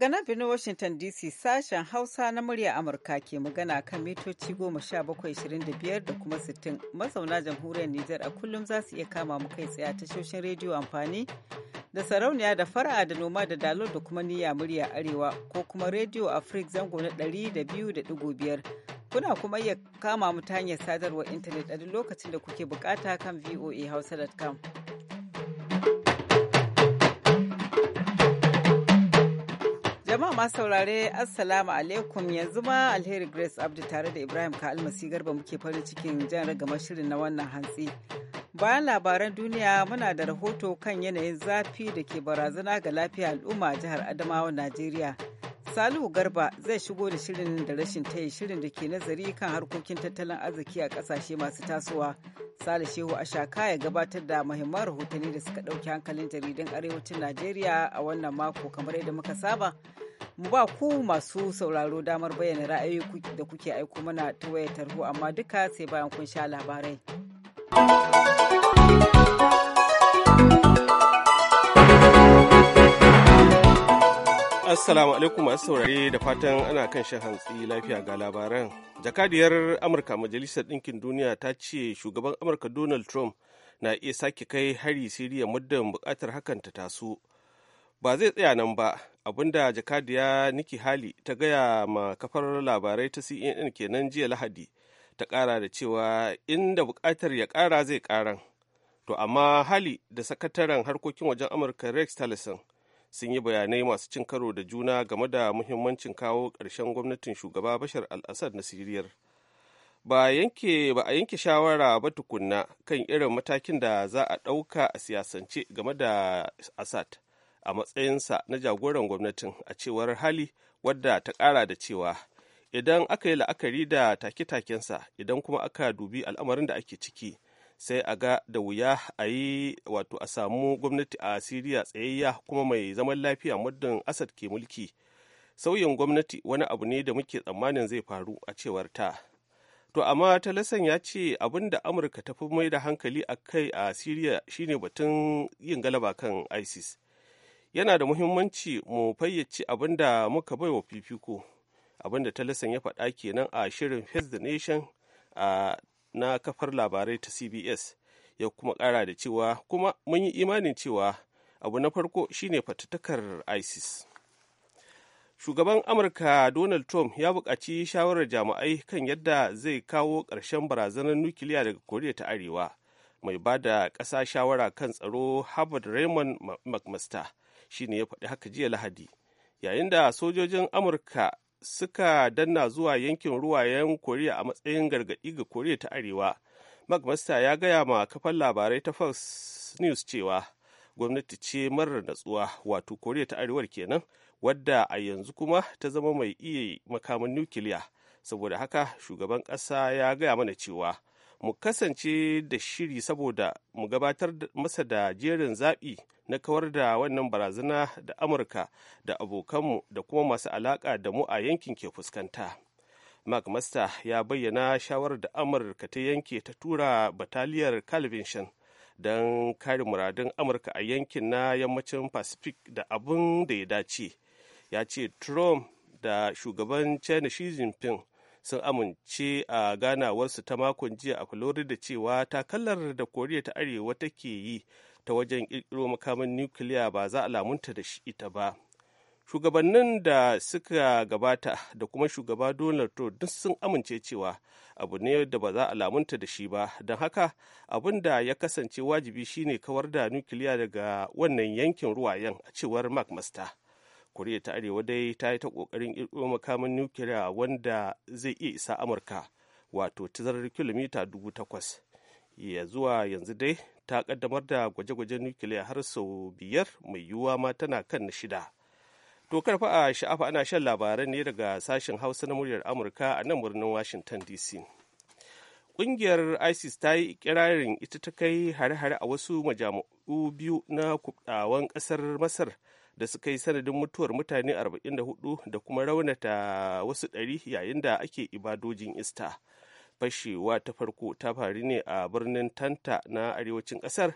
Daga nan birnin Washington DC sashen Hausa na murya Amurka ke magana kan mitoci 1725 da kuma 60 mazauna jamhuriyar Nijar a kullum za su iya kama mu kai tsaye a tashoshin rediyo amfani da sarauniya da fara da noma da dalo da kuma niyya murya arewa ko kuma rediyo Afrik zango na 200.5 kuna kuma iya kama mu sadarwar intanet a duk lokacin da kuke bukata kan voa voahausa.com. Jama'a masu saurare Assalamu alaikum yanzu ma Alheri Grace Abdu tare da Ibrahim ka almasi garba muke farin cikin jan ragama shirin na wannan hantsi. Bayan labaran duniya muna da rahoto kan yanayin zafi da ke barazana ga lafiya al'umma a jihar Adamawa Najeriya. Salihu Garba zai shigo da shirin da rashin tayi shirin da ke nazari kan harkokin tattalin arziki a kasashe masu tasowa. Sale Shehu a shaka ya gabatar da muhimman rahotanni da suka ɗauki hankalin jaridan arewacin Najeriya a wannan mako kamar yadda muka saba. mu ba ku masu sauraro damar bayyana ra'ayi da kuke aiko mana ta wayar tarho amma duka sai bayan kun sha labarai. Assalamu alaikum masu saurare da fatan ana kan shan hantsi lafiya ga labaran. Jakadiyar Amurka Majalisar Ɗinkin Duniya ta ce shugaban Amurka Donald Trump na iya sake kai hari Siriya muddin bukatar hakan ta taso. ba zai tsaya nan ba abinda jakadiya niki hali ta gaya ma kafar labarai ta cnn kenan jiya lahadi ta kara da cewa inda bukatar ya kara zai karan to amma hali da sakataren harkokin wajen amurka rex tillerson sun yi bayanai masu cin karo da juna game da muhimmancin kawo ƙarshen gwamnatin shugaba bashar al-assad na siriyar ba yanke ba a yanke shawara ba tukunna kan irin matakin da za a ɗauka a siyasance game da assad a matsayinsa na jagoran gwamnatin a cewar hali wadda ta kara da cewa idan aka yi la'akari da take-takensa idan kuma aka dubi al'amarin da ake ciki sai a ga da wuya a yi wato a samu gwamnati a siriya tsayayya kuma mai zaman lafiya muddin asad ke mulki sauyin gwamnati wani abu ne da muke tsammanin zai faru a cewar ta to amma talasan ya ce abin da amurka ta fi mai da hankali a kai a siriya shine batun yin galaba kan isis yana da muhimmanci mu fayyace abin da muka bai wa fifiko abin da talasan ya faɗa kenan a shirin face the nation a na kafar labarai ta cbs ya kuma ƙara da cewa kuma mun yi imanin cewa abu na farko shine fatattakar isis shugaban amurka donald trump ya buƙaci shawarar jami'ai kan yadda zai kawo ƙarshen barazanar nukiliya daga koriya ta arewa mai ba da ƙasa shawara kan tsaro harvard raymond mcmaster shine ya faɗi haka jiya lahadi yayin da sojojin amurka suka danna zuwa yankin ruwayen koriya a matsayin gargaɗi ga koriya ta arewa magmasta ya gaya ma kafar labarai ta fox news cewa gwamnati ce marar natsuwa wato koriya ta arewar kenan wadda a yanzu kuma ta zama mai iya makaman nukiliya saboda haka shugaban ƙasa ya gaya mana cewa mu kasance da shiri saboda mu gabatar masa da jerin zaɓi na kawar da wannan barazana da amurka da abokanmu da kuma masu alaƙa da mu a yankin ke fuskanta mark master ya bayyana shawarar da amurka ta yanke ta tura bataliyar calvinshin don kare muradun amurka a yankin na yammacin pacific da abin da ya dace ya ce trump da shugaban china xi jinping sun amince a ganawarsu ta makon jiya a florida cewa takalar da koriya ta arewa take yi ta wajen ƙirƙiro makamin nukiliya ba za a lamunta da ita ba shugabannin da suka gabata da kuma shugaba donald trump duk sun amince cewa abu ne da ba za a lamunta da shi ba don haka abin da ya kasance wajibi shine kawar da nukiliya daga wannan yankin ruwayen a cewar mark master koriya ta arewa dai ta yi ta ƙoƙarin ƙirƙiro makamin nukiliya wanda zai iya isa amurka wato tazarar kilomita dubu takwas ya zuwa yanzu dai ta ƙaddamar da gwaje-gwajen nukiliya har sau biyar mai yiwuwa ma tana kan na shida to karfa a sha'afa ana shan labaran ne daga sashen hausa na muryar amurka a nan birnin washington dc ƙungiyar isis ta yi ikirarin ita ta kai hare-hare a wasu majami'u biyu na kubɗawan ƙasar masar da suka yi sanadin mutuwar mutane 44 da kuma raunata wasu ɗari yayin da ake ibadojin ista fashewa ta farko ta faru ne a birnin tanta na arewacin ƙasar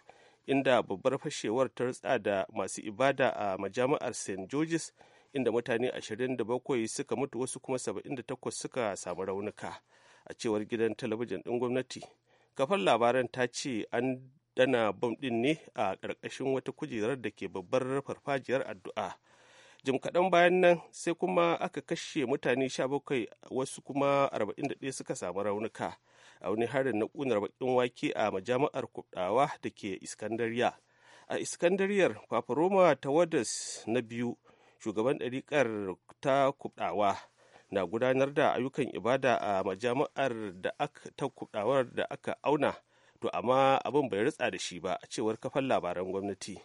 inda babbar fashewar ta rutsa da masu ibada a majami'ar st george's inda mutane 27 suka mutu wasu kuma 78 suka samu raunuka a cewar gidan talabijin ɗin gwamnati kafar labaran ta ce an dana bom ɗin ne a ƙarƙashin wata kujerar da ke babbar farfajiyar addu'a jim kaɗan bayan nan sai kuma aka kashe mutane 17 wasu kuma 41 suka samu raunuka a wani harin na ƙunar bakin wake a majami'ar kudawa da ke iskandariya a iskandariyar ta tawadas na biyu shugaban ɗariƙar ta kudawa na gudanar da ayyukan ibada a majami'ar ta kuɗawar da aka auna to amma abin bai ritsa da shi ba a cewar kafan labaran gwamnati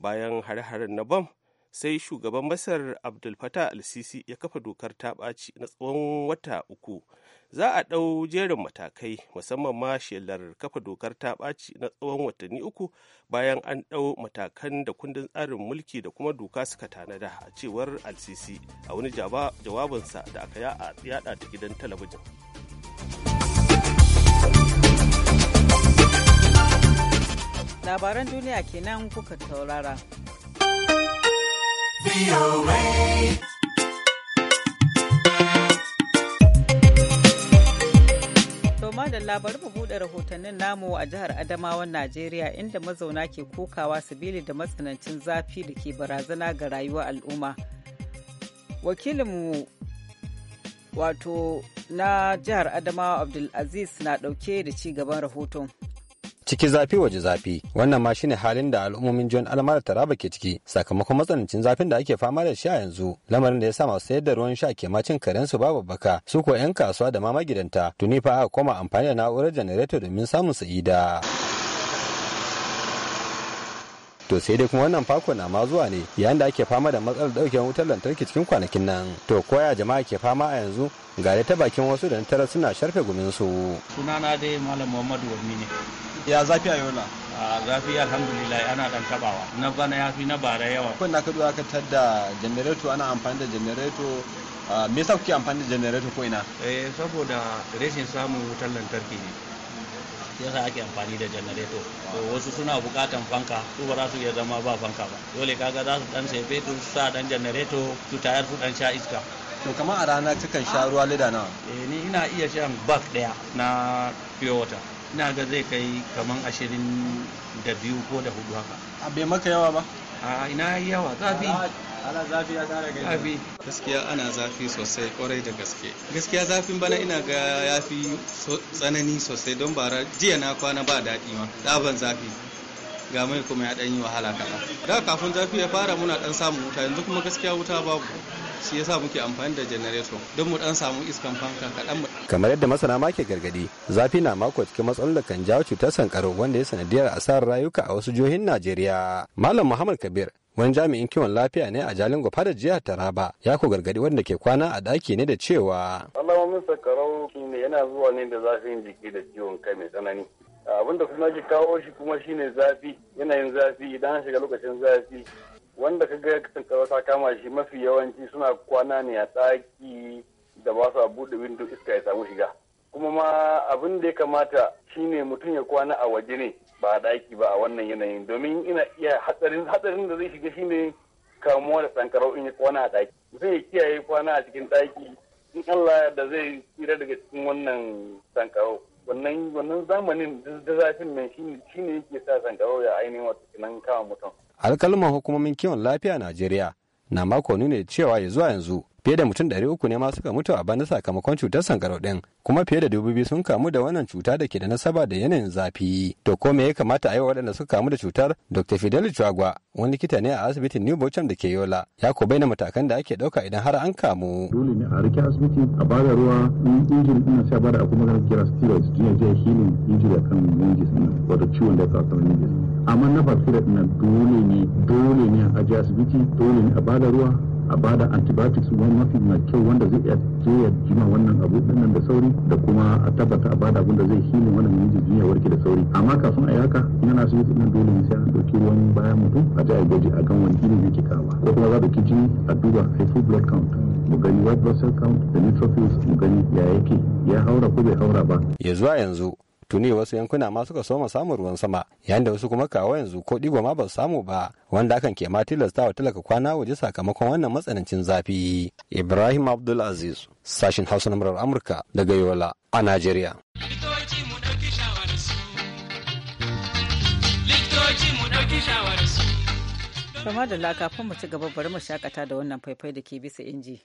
bayan hare-haren na bam sai shugaban masar abdul fatah al-sisi ya kafa dokar ta ɓaci na tsawon wata uku za a ɗau jerin matakai musamman ma shelar kafa dokar ta ɓaci na tsawon watanni uku bayan an ɗau matakan da kundin tsarin mulki da kuma doka suka tanada a cewar al-sisi a wani jawabinsa da aka yada ta gidan talabijin. labaran duniya kenan kuka taurara. Toma da labar buɗe rahotannin namu a jihar Adamawan Najeriya inda mazauna ke kokawa sabili da matsanancin zafi da ke barazana ga rayuwar al'umma. Wakilinmu wato na jihar Adamawa Abdulaziz na ɗauke da ci gaban rahoton. ciki zafi waje zafi wannan ma shine halin da al'ummomin John almara Taraba ke ciki sakamakon matsanancin zafin da ake fama da shi a yanzu lamarin da ya sa masu sayar da ruwan sha ke macin karen su babu baka su ko yan kasuwa da ma magidanta tuni fa aka koma amfani da na'urar janareto domin samun sa'ida. to sai dai kuma wannan fako na ma zuwa ne yayin da ake fama da matsalar daukewar wutar lantarki cikin kwanakin nan to koya jama'a ke fama a yanzu ga ta bakin wasu da tara suna sharfe gumin su sunana dai malam muhammadu wami ne ya zafi a yola a zafi alhamdulillah ana dan tabawa na bana ya fi na bara yawa kun na kadu aka tadda janareto ana amfani da janareto me yasa kuke amfani da janareto ko ina eh saboda rashin samun wutar lantarki ne shi yasa ake amfani da janareto to wasu suna bukatan fanka su ba za su iya zama ba fanka ba dole kaga za su dan sai fetur su sa dan janareto su tayar su dan sha iska to kamar a rana kakan sha ruwa leda nawa eh ni ina iya shan bak daya na pure water ina ga zai kai kaman ashirin da biyu ko da hudu haka a bai maka yawa ba a ina yawa zafi ana zafi ya gaskiya ana zafi sosai kwarai da gaske gaskiya zafin bana ina ga ya tsanani sosai don bara jiya na kwana ba daɗi ma ɗaban zafi ga mai kuma ya ɗan yi wahala kaɗan da kafin zafi ya fara muna ɗan samun wuta yanzu kuma gaskiya wuta babu shi yasa muke amfani da janareto don mu ɗan samu iskan fanka kaɗan mu. kamar yadda masana ma ke gargadi zafi na mako cikin matsalolin da kan jawo cutar sankaro wanda ya sanadiyar asarar rayuka a wasu jihohin najeriya malam muhammad kabir wani jami'in kiwon lafiya ne a jalin gwafa da jihar taraba ya ku gargadi wanda ke kwana a daki ne da cewa alamomin sakarau ne yana zuwa ne da zafin jiki da ciwon kai mai tsanani abin da kuma ke kawo shi kuma shine zafi yanayin zafi idan shiga lokacin zafi wanda ka ga sankarau ta kama shi mafi yawanci suna kwana ne a ɗaki da ba sa buɗe windo iska ya samu shiga kuma ma abin da ya kamata shine mutum ya kwana a waje ne ba daki ba a wannan yanayin domin ina iya hatsarin hatsarin da zai shiga shine kamuwa da sankarau in ya kwana a daki zai kiyaye kwana a cikin daki in Allah da zai tsira daga cikin wannan sankarau wannan wannan zamanin da zafin nan shine yake sa sankarau ya ainihin wata nan kama mutum alkalman hukumomin kiwon lafiya Najeriya na mako nune cewa ya zuwa yanzu fiye da mutum ɗari uku ne ma suka mutu a bana sakamakon cutar sankarau ɗin kuma fiye da dubu biyu sun kamu da wannan cuta da ke da nasaba da yanayin zafi to ko me ya kamata a yi waɗanda suka kamu da cutar dr fidel chuagwa wani likita ne a asibitin new bochum da ke yola ya ko bayyana matakan da ake ɗauka idan har an kamu dole ne a rike asibiti a bada ruwa in injin ina sai da akwai maganar kira steroids jiya jiya healing injin kan ninjis ɗin wato ciwon da ya kan meningitis amma na bacteria ɗin dole ne dole ne a ajiye asibiti dole ne a bada ruwa a bada antibiotics wani mafi mai kyau wanda zai iya je ya jima wannan abu dinnan da sauri da kuma a tabbata a bada abin da zai hili wannan mijin ya warke da sauri amma kafin a yaka, haka yana su yi dole ne sai an dauki ruwan bayan mutum a ji a gwaji a gan wani irin yake kama ko kuma za da kici a duba haifu blood count mu gani white blood cell count da neutrophils mu gani ya yake ya haura ko bai haura ba ya zuwa yanzu tuni wasu yankuna ma suka soma samun ruwan sama yayin da wasu kuma kawo yanzu ko digo ma ba samu ba wanda hakan ke ma tilasta wa talaka kwana waje sakamakon wannan matsanancin zafi ibrahim abdul aziz sashin hausa na murar amurka daga yola a nigeria Kama da laka mu ci gaba bari mu shakata da wannan faifai da ke bisa inji.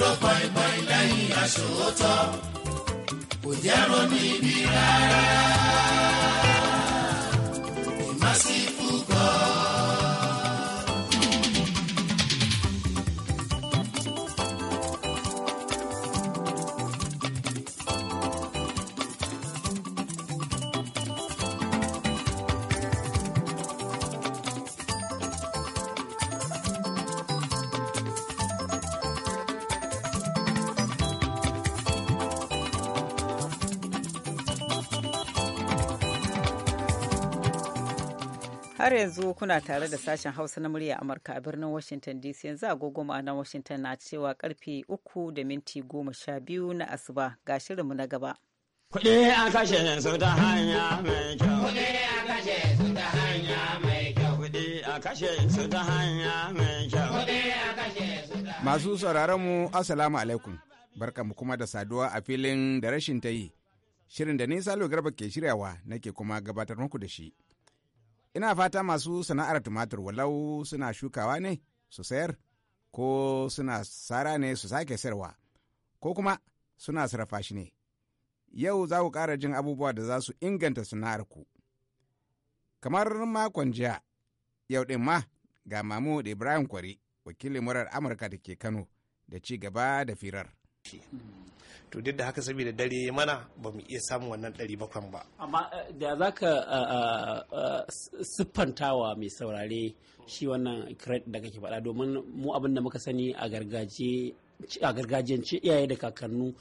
dúró pọ̀ìpọ̀ì lẹ́yìn àṣòótọ́ kò jẹ́ ronú ibi rárá. Har yanzu kuna tare da sashen Hausa na murya Amurka a birnin Washington DC yanzu agogo ma'anar Washington na cewa karfe uku da minti goma sha biyu na asuba ga shirinmu na gaba. Kuɗi a kashe su ta hanya mai kyau. Kuɗi a kashe su ta hanya mai kyau. Masu sauraron mu Assalamu alaikum. Barkamu kuma da saduwa a filin da rashin ta yi. Shirin da nisa Garba ke shiryawa nake kuma gabatar muku da shi. Ina fata masu sana'ar tumatur walau suna shukawa ne su sayar ko suna sara ne su sake sayarwa ko kuma suna sarrafa shi ne. Yau za ku ƙara jin abubuwa da za su inganta sana'ar ku. Kamar makon jiya, yau ɗin ma ga Mamu Ibrahim Kwari, wakilin murar Amurka da ke Kano, da ci gaba da firar. to duk da haka saboda dare ya mana ba mu iya samun wannan ɗari bakwai ba amma eh, da za ka eh, eh, siffantawa mai saurare shi wannan credit da kake faɗa domin mu abin da muka sani a gargajiyance iyaye da kakannu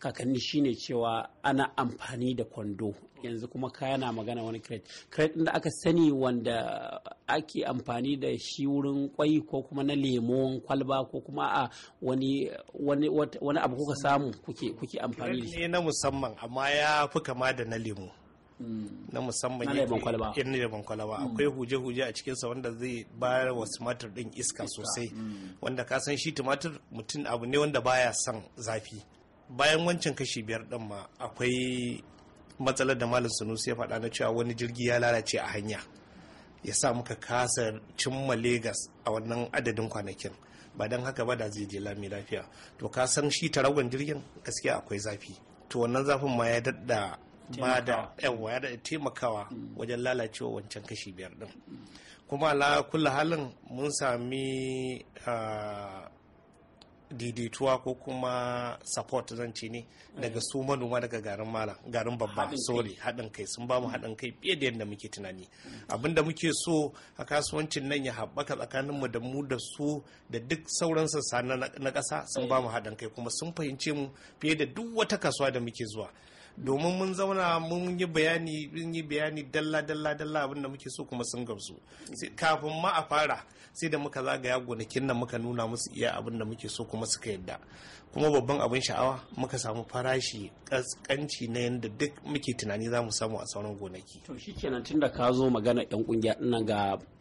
kakanni shine cewa ana amfani da kwando yanzu kuma kaya na magana wani crate crate da aka sani wanda ake amfani da shi wurin kwai ko kuma na lemon kwalba ko kuma a wani wani wani abu kuka samu kuke kuke amfani da shi na musamman amma ya fi kama da na lemo hmm. na musamman lemon kwalaba hmm. akwai huje-huje a cikinsa wanda zai bayar wa tumatir din iska sosai hmm. wanda ka san shi tumatir mutum abu ne wanda baya son zafi bayan wancan kashi biyar din ma akwai matsalar da malam sanusi ya faɗa na cewa wani jirgi ya lalace a hanya ya sa muka kasa cimma Legas a wannan adadin kwanakin ba don haka ba da zai je lami lafiya to ka san shi taragon jirgin gaskiya akwai zafi to wannan zafin ma ya dadda ba da yawa ya taimakawa mm. wajen lalacewa wancan kashi biyar din kuma la kula halin mun sami ah, daidaituwa ko kuma support zan ce ne daga su manoma daga garin mala garin babba sorry haɗin kai sun mu haɗin kai fiye da yadda muke tunani abinda muke so a kasuwancin nan ya haɓaka tsakanin mu da mu da su da duk sauran sassa na ƙasa sun eh. ba mu haɗin kai kuma sun fahimce mu fiye da duk wata kasuwa da muke zuwa domin mun zauna mun yi bayani mun yi bayani dalla dalla dalla abinda muke so kuma sun gamsu kafin ma a fara sai da muka zagaya gonakin nan muka nuna musu iya abinda muke so kuma suka yadda kuma babban abin sha'awa muka samu farashi kaskanci na yadda duk muke tunani za mu samu a sauran gonaki to shi kenan tunda ka zo magana yan kungiya dinnan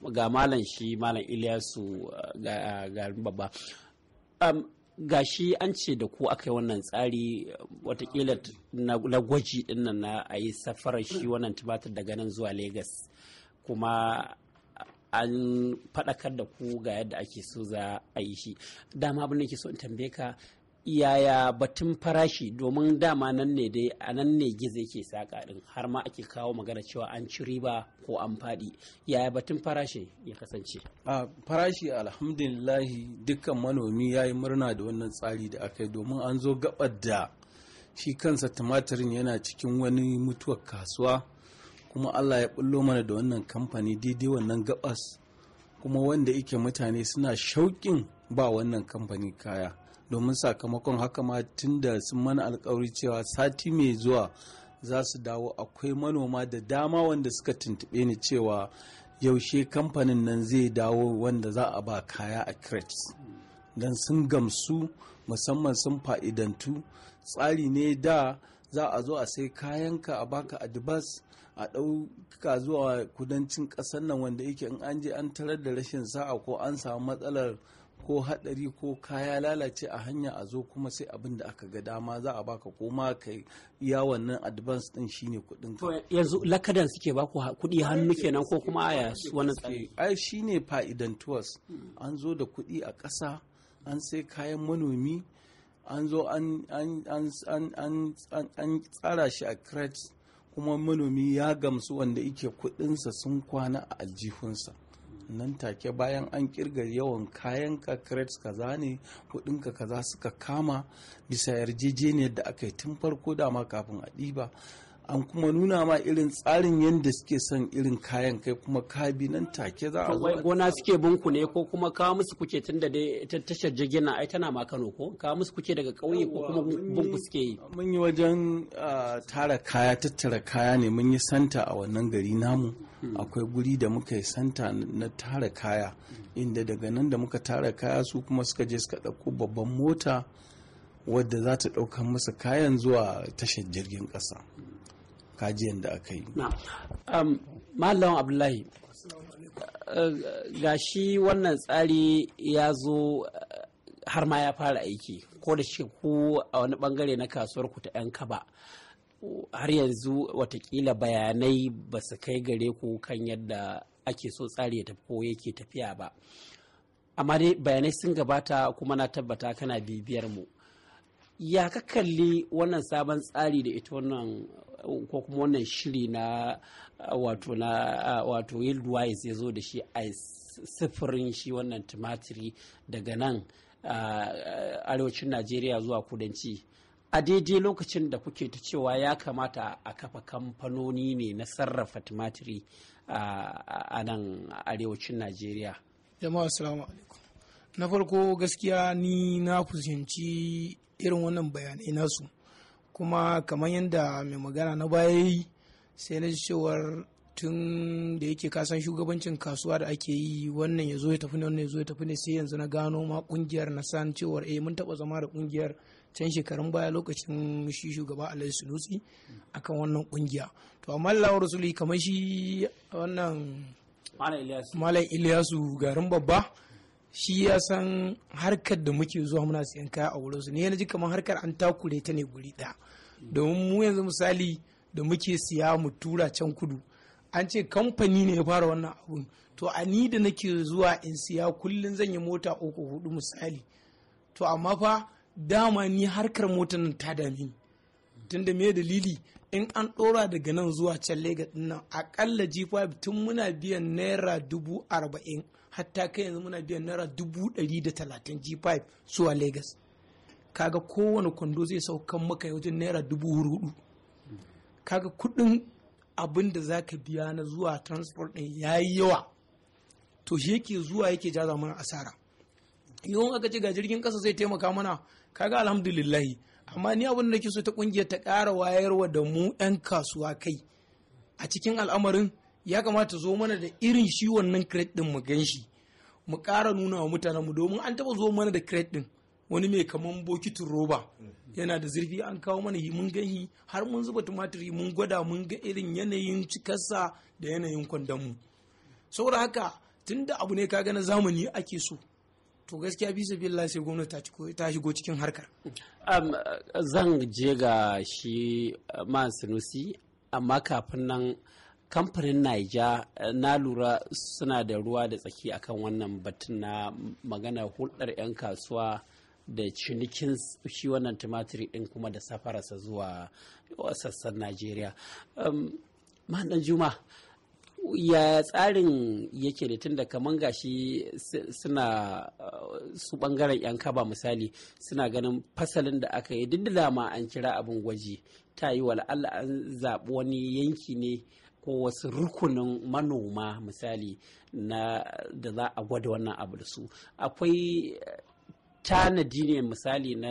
ga malam shi malam Ilyasu ga babba gashi an ce da ku aka yi wannan tsari watakila na gwaji dinnan na a yi safarar shi wannan tumatir daga nan zuwa Legas kuma an faɗakar da ku ga yadda ake so za a yi shi dama abin da ke so in tambaye ka yaya batun farashi domin dama nan ne dai a nan ne gizo yake saƙa ɗin har ma ake kawo magana cewa an ci riba ko an faɗi yaya batun farashi ya kasance a farashi alhamdulillahi dukkan manomi ya yi murna da wannan tsari da aka yi domin an zo gabar da shi kansa tumatirin yana cikin wani mutuwar kasuwa kuma allah ya bullo mana da wannan kamfani daidai wannan gabas kuma wanda yake mutane suna shauƙin ba wannan kamfani kaya domin sakamakon haka ma tun da sun mana alkawari cewa sati mai zuwa za su dawo akwai manoma da dama wanda suka tuntube ni cewa yaushe kamfanin nan zai dawo wanda za a ba kaya a crates don sun gamsu musamman sun fa'idantu tsari ne da za a zo a sai kayanka a baka adibas a ɗauka zuwa kudancin ƙasar nan wanda yake in an je an tarar da rashin sa'a ko an samu matsalar ko haɗari ko kaya lalace a hanya a zo kuma sai abin da aka ga dama za a baka ko ma ka ya wannan advance din shine kuɗin ka yanzu lakadan suke baku kuɗi hannu kenan ko kuma aya wannan eh, ai shine fa'idantuwas an zo da kuɗi a ƙasa an sai kayan manomi an zo an tsara shi a crates kuma manomi ya gamsu wanda yake kuɗinsa sun kwana a aljihunsa nan take bayan an kirga yawan kayan ka crates kaza ne kudin ka kaza suka kama bisa yarjejeniyar da aka yi tun farko dama kafin a ɗiba an kuma nuna ma irin tsarin yadda suke son irin kayan kai kuma kabi nan take za a wai gona suke bunku ne ko kuma kawo musu kuke tun da dai ita tashar jirgin na ai tana ma Kano ko kawo musu kuke daga ƙauye ko kuma bunku suke yi mun yi wajen tara kaya tattara kaya ne mun yi santa a wannan gari namu hmm. akwai guri da muka yi santa na tara kaya inda daga nan da muka tara kaya su kuma suka je suka ɗauko babban mota wadda za ta ɗaukar masa kayan zuwa tashar jirgin ƙasa kajiyan da aka yi um, malam abdullahi ga shi wannan tsari ya zo eh, har ma ya fara aiki ko da shi ku a wani bangare na kasuwar ku ta 'yan kaba har yanzu watakila bayanai ba su kai gare ku kan yadda ake so tsari ya tafi ko yake tafiya ba amma dai bayanai sun gabata kuma na tabbata kana bibiyar mu ya ka kalli wannan sabon tsari da ita wannan ko kuma wannan shiri na wato na wato yildwise ya zo da shi a sifirin shi wannan tumatiri daga nan arewacin najeriya zuwa kudanci a daidai lokacin da kuke ta cewa ya kamata a kafa kamfanoni ne na sarrafa tumatiri a nan arewacin najeriya jama'a assalamu alaikum na farko gaskiya ni na fuskanci irin wannan bayanai nasu kuma kamar yadda mai magana na baya yi sai na cewar tun da yake kasan shugabancin kasuwa da ake yi wannan ya zo ya tafi ne wannan ya zo ya tafi ne sai yanzu na gano ma kungiyar na san cewar eh mun taba zama da kungiyar can shekarun baya lokacin shi shugaba alayhi sunusi akan wannan kungiya to amma lawar rasuli kamar shi wannan malam iliyasu garin babba shi ya san harkar da muke zuwa muna siyan kaya a su ne ya ji kamar harkar an takure ta ne guri ɗaya domin mu yanzu misali da muke siya mu tura can kudu an ce kamfani ne ya fara wannan abun to a ni da nake zuwa in siya kullum zan yi mota uku hudu misali to amma fa dama ni harkar mota nan ta dame ni tunda me dalili in an ɗora daga nan zuwa can Legas ɗin nan akalla G5 tun muna biyan naira dubu arba'in hatta kai yanzu muna biyan naira dubu ɗari da talatin G5 zuwa Legas. kaga kowane kwando zai saukan maka wajen naira dubu hudu kaga kudin abin da za ka biya na zuwa transport ɗin ya yi yawa to shi yake zuwa yake jaza mana asara yawan aka ce ga jirgin kasa zai taimaka mana kaga alhamdulillahi amma ni abin da nake so ta kungiyar ta ƙara wayarwa da mu 'yan kasuwa kai a cikin al'amarin ya kamata zo mana da irin shi wannan kiret din mu gan shi mu ƙara nuna wa mutanen mu domin an taba zo mana da kiret din wani mai kaman bokitin roba mm-hmm. yana da zurfi an kawo mana yi mun gani har mun zuba tumatiri mun gwada mun ga irin yanayin cikarsa da yanayin kwandonmu saboda haka tunda abu ne kaga na zamani ake so to gaskiya bisa billah sai gwamnati ta shigo cikin harkar um, zan je ga shi uh, man sinusi amma kafin nan kamfanin naija uh, na lura suna da ruwa da tsaki akan wannan batun na magana hulɗar 'yan kasuwa da cinikin shi wannan tumatiri din kuma da safararsa zuwa sassan najeriya um, mahaɗan juma ya tsarin yake da tun da kaman gashi suna uh, su bangaren yan kaba misali suna ganin fasalin da aka yi duk da ma an kira abin gwaji ta yi la'alla an zaɓi wani yanki ne ko wasu rukunin manoma misali na da za a gwada wannan abu da su akwai tanadi ne misali na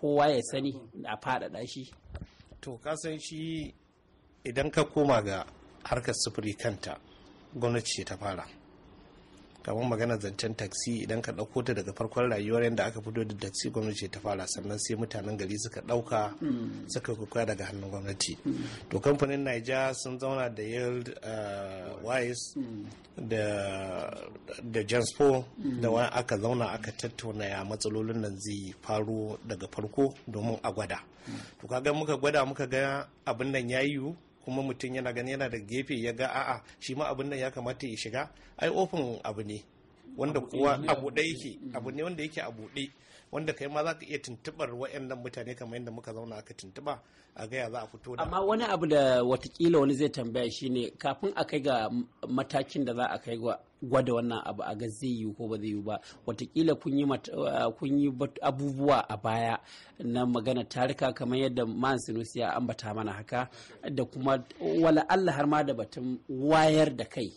kowa ya sani a faɗaɗa shi to kasan shi idan ka koma ga harkar sufuri kanta gwamnati ce ta fara kamar magana zancen taxi idan ka ɗauko ta daga farkon rayuwar yadda aka fito da taksi gwamnati ta fara sannan sai mutanen gari suka ɗauka hmm. suka kuka daga hannun gwamnati hmm. to kamfanin naija sun zauna da yield uh, wise hmm. da po da wani aka zauna aka tattauna ya matsalolin nan zai faru daga farko domin a gwada to kaga muka gwada muka ga abin nan ya yiwu kuma mutum yana gani yana da gefe ya ga a'a shi ma abin nan ya kamata ya shiga ai ofin abu ne wanda kuwa abu ɗaya yake abu ne wanda yake a buɗe wanda kai ma za ka iya tuntubar waɗannan mutane kamar yadda muka zauna aka tuntuba a gaya za a fito da amma wani abu da watakila wani zai tambaya shine kafin a kai ga matakin da za a kai gwada wannan abu a ga zai yiwu ko ba zai yi ba watakila kun yi eh, abubuwa a baya na magana tarika kamar yadda man sinusi ya ambata mana haka da kuma wala Allah har ma da batun wayar da kai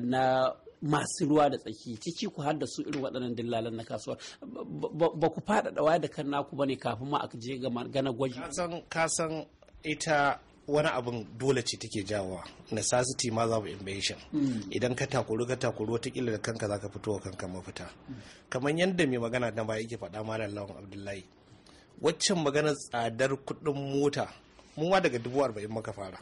na masu ruwa da tsaki ciki ku har da su irin waɗannan dillalan na kasuwar ba ku faɗaɗa waya da kan naku bane kafin ma aka je ga gwaji ka san ita wani abin dole ce take jawowa necessity ma za invasion hmm. idan ka takuru ka takuru watakila da kanka za fito wa kanka mafita hmm. kamar yadda mai magana na baya yake faɗa malam lawan abdullahi waccan magana tsadar kuɗin mota mun wa daga dubu arba'in muka fara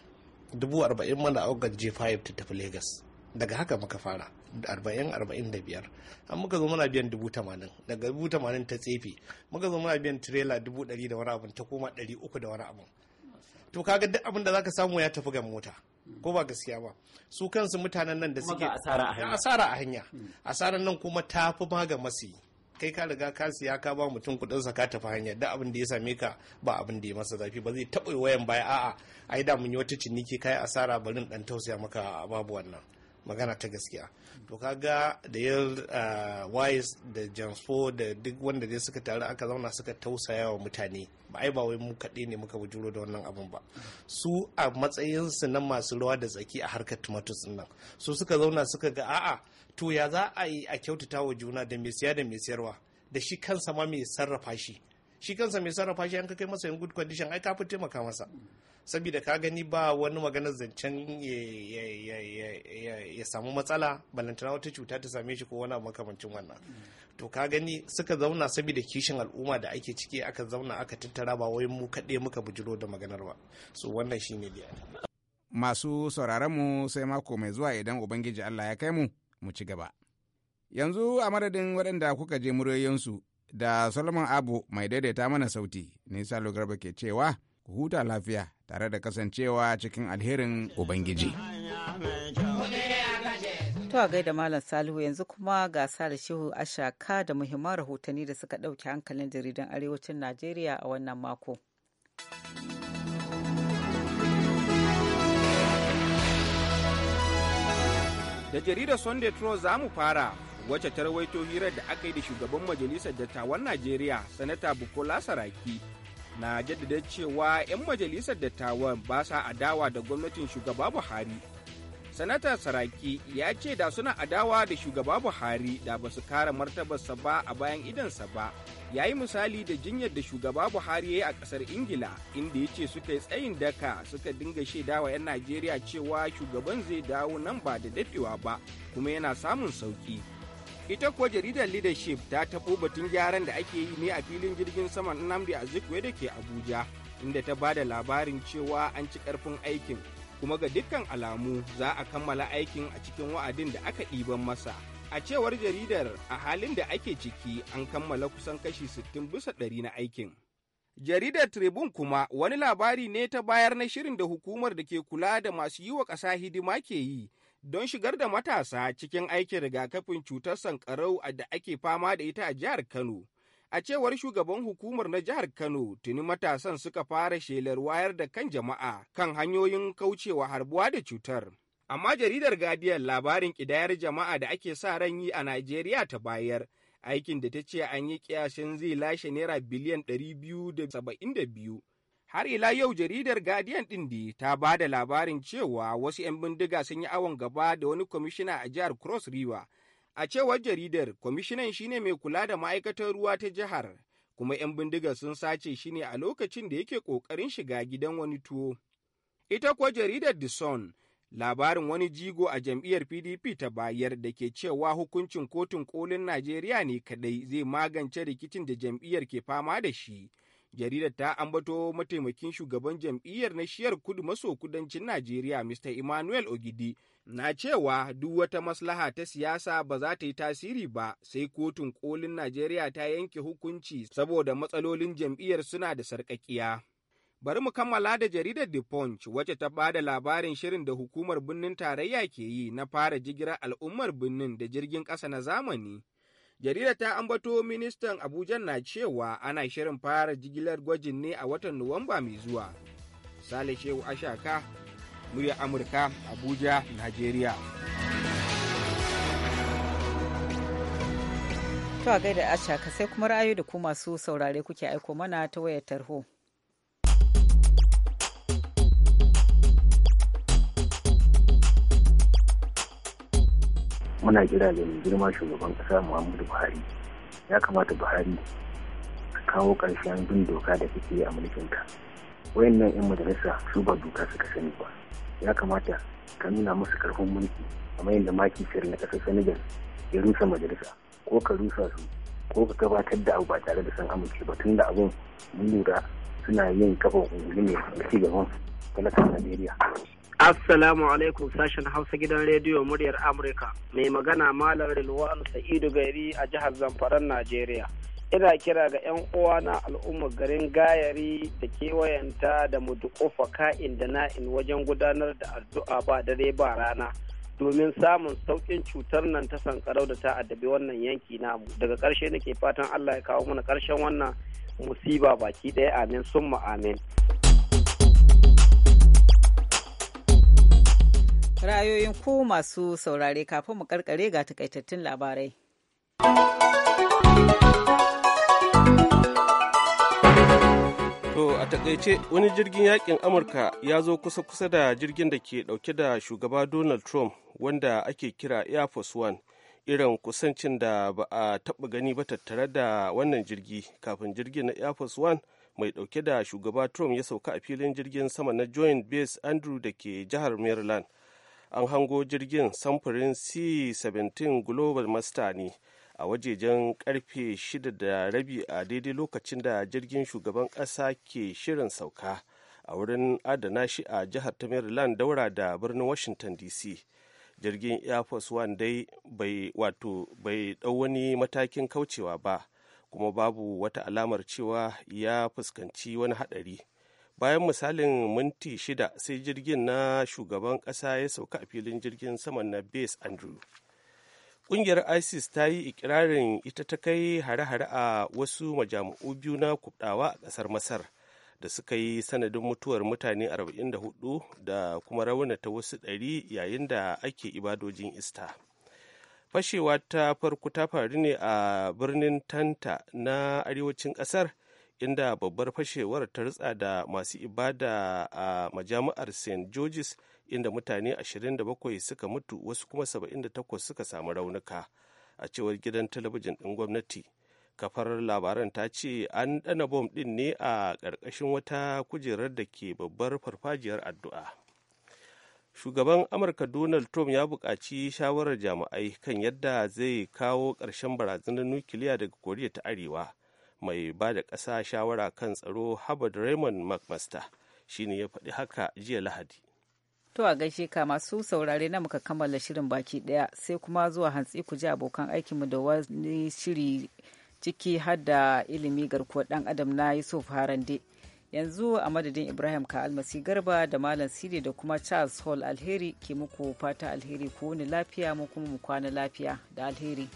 dubu arba'in mana auga j5 ta tafi lagos daga haka muka fara arba'in arba'in da biyar an muka zo muna biyan dubu tamanin daga dubu tamanin ta tsefe muka zo muna biyan tirela dubu dari da wani abin ta koma dari uku da wani abin to kaga duk abin da zaka samu ya tafi ga mota ko ba gaskiya ba su kansu mutanen nan da suke asara a hanya asara hmm. nan kuma ta fi ma ga masiyi kai ka riga ka siya ka ba mutum kudin sa ka tafi hanya da abin da ya same ka ba abin da ya masa zafi ba zai taɓa wayan baya a'a ai da mun yi wata ciniki kai asara barin dan tausaya maka babu wannan magana ta gaskiya to kaga da ya ah, wise da jansfo da duk wanda dai suka taru aka zauna suka tausaya wa mutane ba ai ba wai mu kaɗai ne muka bujuro da wannan abun ba su a matsayinsu nan masu rawa da tsaki a harkar tumatus nan su suka zauna suka ga a'a to ya za a yi a kyautata wa juna da mai siya da mai siyarwa da shi kansa ma mai sarrafa shi shi kansa mai sarrafa shi an kai masa in good condition ai ka fi taimaka masa saboda ka gani ba wani maganar zancen ya samu matsala balantana wata cuta ta same shi ko wani makamancin wannan to ka gani suka zauna saboda kishin al'umma da ake ciki aka zauna aka tattara ba wai mu kaɗai muka bujiro da maganar ba so wannan ne da masu sauraron mu sai mako mai zuwa idan ubangiji Allah ya kai mu mu ci gaba yanzu a madadin waɗanda kuka je muryoyinsu da solomon abu mai daidaita mana sauti nisa lugarba ke cewa huta lafiya tare da kasancewa cikin alherin Ubangiji. To a gaida Malam Salihu yanzu kuma gasa da shehu ashaka da muhimman rahotanni da suka ɗauki hankalin jaridan arewacin Najeriya a wannan mako. Da jaridar Sunday Trust za mu fara wace ta rawaito hirar da aka yi da shugaban majalisar dattawan Najeriya, Sanata Bukola Saraki na jaddada cewa 'yan majalisar dattawan ba sa adawa da gwamnatin shugaba Buhari. Sanata Saraki ya ce da suna adawa da shugaba Buhari da ba su kare martabarsa ba a bayan idansa ba. Ya yi misali da jinyar da shugaba Buhari ya yi a ƙasar Ingila, inda ya ce suka yi tsayin daka suka dinga shaidawa 'yan Najeriya cewa shugaban zai dawo nan ba da daɗewa ba, kuma yana samun sauki ita kuwa jaridar leadership ta taɓo batun gyaran da ake yi ne a filin jirgin saman nnamdi azikwe da ke abuja inda ta ba da labarin cewa an ci ƙarfin aikin kuma ga dukkan alamu za a kammala aikin a cikin wa'adin da aka ɗiban masa a cewar jaridar a halin da ake ciki an kammala kusan kashi sittin bisa ɗari na aikin jaridar Tribun kuma wani labari ne ta bayar na shirin da hukumar da ke kula da masu yi wa ƙasa hidima ke yi don shigar da matasa cikin aikin rigakafin cutar sankarau da ake fama da ita a jihar Kano. A cewar shugaban hukumar na jihar Kano, tuni matasan suka fara shelar wayar da kan jama'a kan hanyoyin kaucewa harbuwa da cutar. Amma jaridar Guardian labarin kidayar jama'a da ake sa ran yi a Najeriya ta bayar, aikin da ta ce an yi kiyashin zai lashe naira biliyan 272 Har ila yau jaridar Guardian ɗin da ta ba da labarin cewa wasu 'yan bindiga sun yi awon gaba da wani kwamishina a jihar Cross River. A cewar jaridar, kwamishinan shine mai kula da ma'aikatar ruwa ta jihar, kuma 'yan bindiga sun sace shi ne a lokacin da yake ƙoƙarin shiga gidan wani tuwo. Ita kuwa jaridar The Sun, labarin wani jigo a jam'iyyar PDP ta bayar da ke cewa hukuncin kotun kolin Najeriya ne kadai zai magance rikicin da jam'iyyar ke fama da shi. jaridar ta ambato mataimakin shugaban jam'iyyar na shiyar kudu maso kudancin najeriya mr emmanuel ogidi na cewa duk wata maslaha ta siyasa ba za ta yi tasiri ba sai kotun kolin najeriya ta yanke hukunci saboda matsalolin jam'iyyar suna da sarkakiya bari mu kammala da jaridar the punch wacce ta bada labarin shirin da hukumar birnin tarayya ke yi na fara jigirar al'ummar birnin da jirgin ƙasa na zamani Jarida ta ambato ministan Abuja na cewa ana shirin fara jigilar gwajin ne a watan Nuwamba mai zuwa. Sale Shehu Ashaka, murya Amurka, Abuja, Najeriya. To a gaida Ashaka sai kuma ra'ayi da ku masu saurare kuke aiko mana ta wayar tarho. muna kira ga mai girma shugaban kasa muhammadu buhari ya kamata buhari a kawo ƙarshen bin doka da yi a mulkin mulkinka wayannan 'yan majalisa su ba doka suka sani ba ya kamata ka nuna musu karfin mulki mayan yadda maki shir na ƙasar senegal ya rusa majalisa ko ka rusa su ko ka gabatar da abu ba tare da san amince ba tun da abun mun lura suna yin kafa ungulu ne a cigaban gaban talakan najeriya Assalamu alaikum sashen Hausa gidan rediyo muryar Amurka. Mai magana Malam Rilwan Sa'idu Gari a jihar Zamfaran Najeriya. Ina kira ga 'yan uwa na al'ummar garin Gayari da kewayenta da ofa ka'in da na'in wajen gudanar da addu'a ba dare ba rana. domin samun saukin cutar nan ta sankarau da ta addabi wannan yanki namu daga ƙarshe nake fatan allah ya kawo mana ƙarshen wannan musiba baki ɗaya amin summa amin Rayoyin ku masu saurare kafin mu karkare ga takaitattun labarai. To a takaice wani jirgin yakin Amurka ya zo kusa-kusa da jirgin da ke dauke da shugaba Donald Trump wanda ake kira Air Force One irin kusancin da ba a taɓa gani ba tattare da wannan jirgi kafin jirgin na Air Force One mai dauke da shugaba Trump ya sauka a filin jirgin sama na Joint Base Andrew da ke jihar Maryland. an hango jirgin samfurin c-17 global master ne a wajejen karfe 6 da rabi a daidai lokacin da jirgin shugaban ƙasa ke shirin sauka a wurin adana shi a jihar ta maryland daura da birnin washington dc jirgin air force one dai bai wato bai ɗau wani matakin kaucewa ba kuma babu wata alamar cewa ya fuskanci wani haɗari bayan misalin minti shida sai jirgin na shugaban ƙasa ya sauka a filin jirgin saman na base andrew ƙungiyar isis ta yi ikirarin ita ta kai hare-hare a wasu majami'u biyu na kudawa a ƙasar masar da suka yi sanadin mutuwar mutane 44 da kuma raunata wasu ɗari yayin da ake ibadojin ista fashewa ta farko ta faru ne a birnin tanta na arewacin ƙasar inda babbar fashewar ta rutsa da masu ibada a majami'ar st george's inda mutane 27 suka mutu wasu kuma 78 suka samu raunuka a cewar gidan talabijin ɗin gwamnati kafar labaran ta ce an ɗana bom ɗin ne a ƙarƙashin wata kujerar da ke babbar farfajiyar addu'a shugaban amurka donald trump ya buƙaci shawarar jami'ai kan yadda zai kawo ƙarshen barazanar nukiliya daga koriya ta arewa mai ba da ƙasa shawara kan tsaro Harvard Raymond McMaster shi ne ya faɗi haka jiya Lahadi. To a gaishe ka masu saurare na muka kammala shirin baki ɗaya sai kuma zuwa hantsi ku ji abokan aikinmu da wani shiri ciki har da ilimi garkuwar ɗan adam na Yusuf Harande. Yanzu a madadin Ibrahim ka almasi garba da Malam Sidi da kuma Charles Hall alheri ke muku fata alheri ku wani lafiya mu kuma mu kwana lafiya da alheri.